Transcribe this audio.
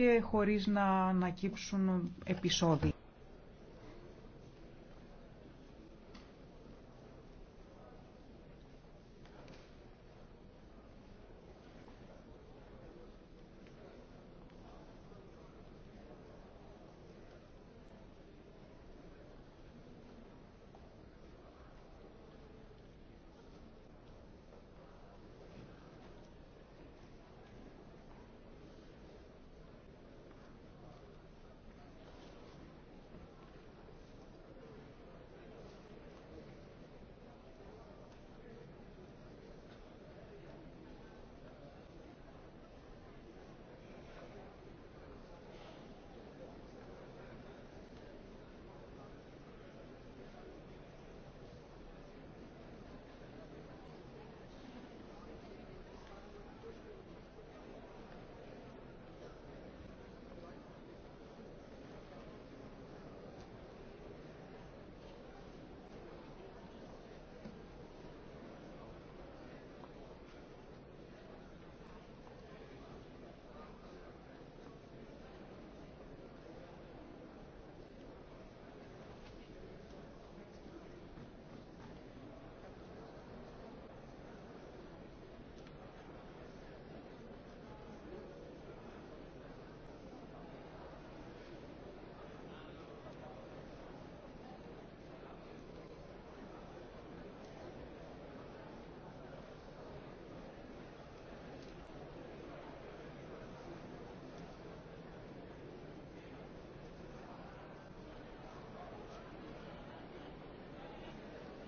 και χωρίς να ανακύψουν επεισόδια.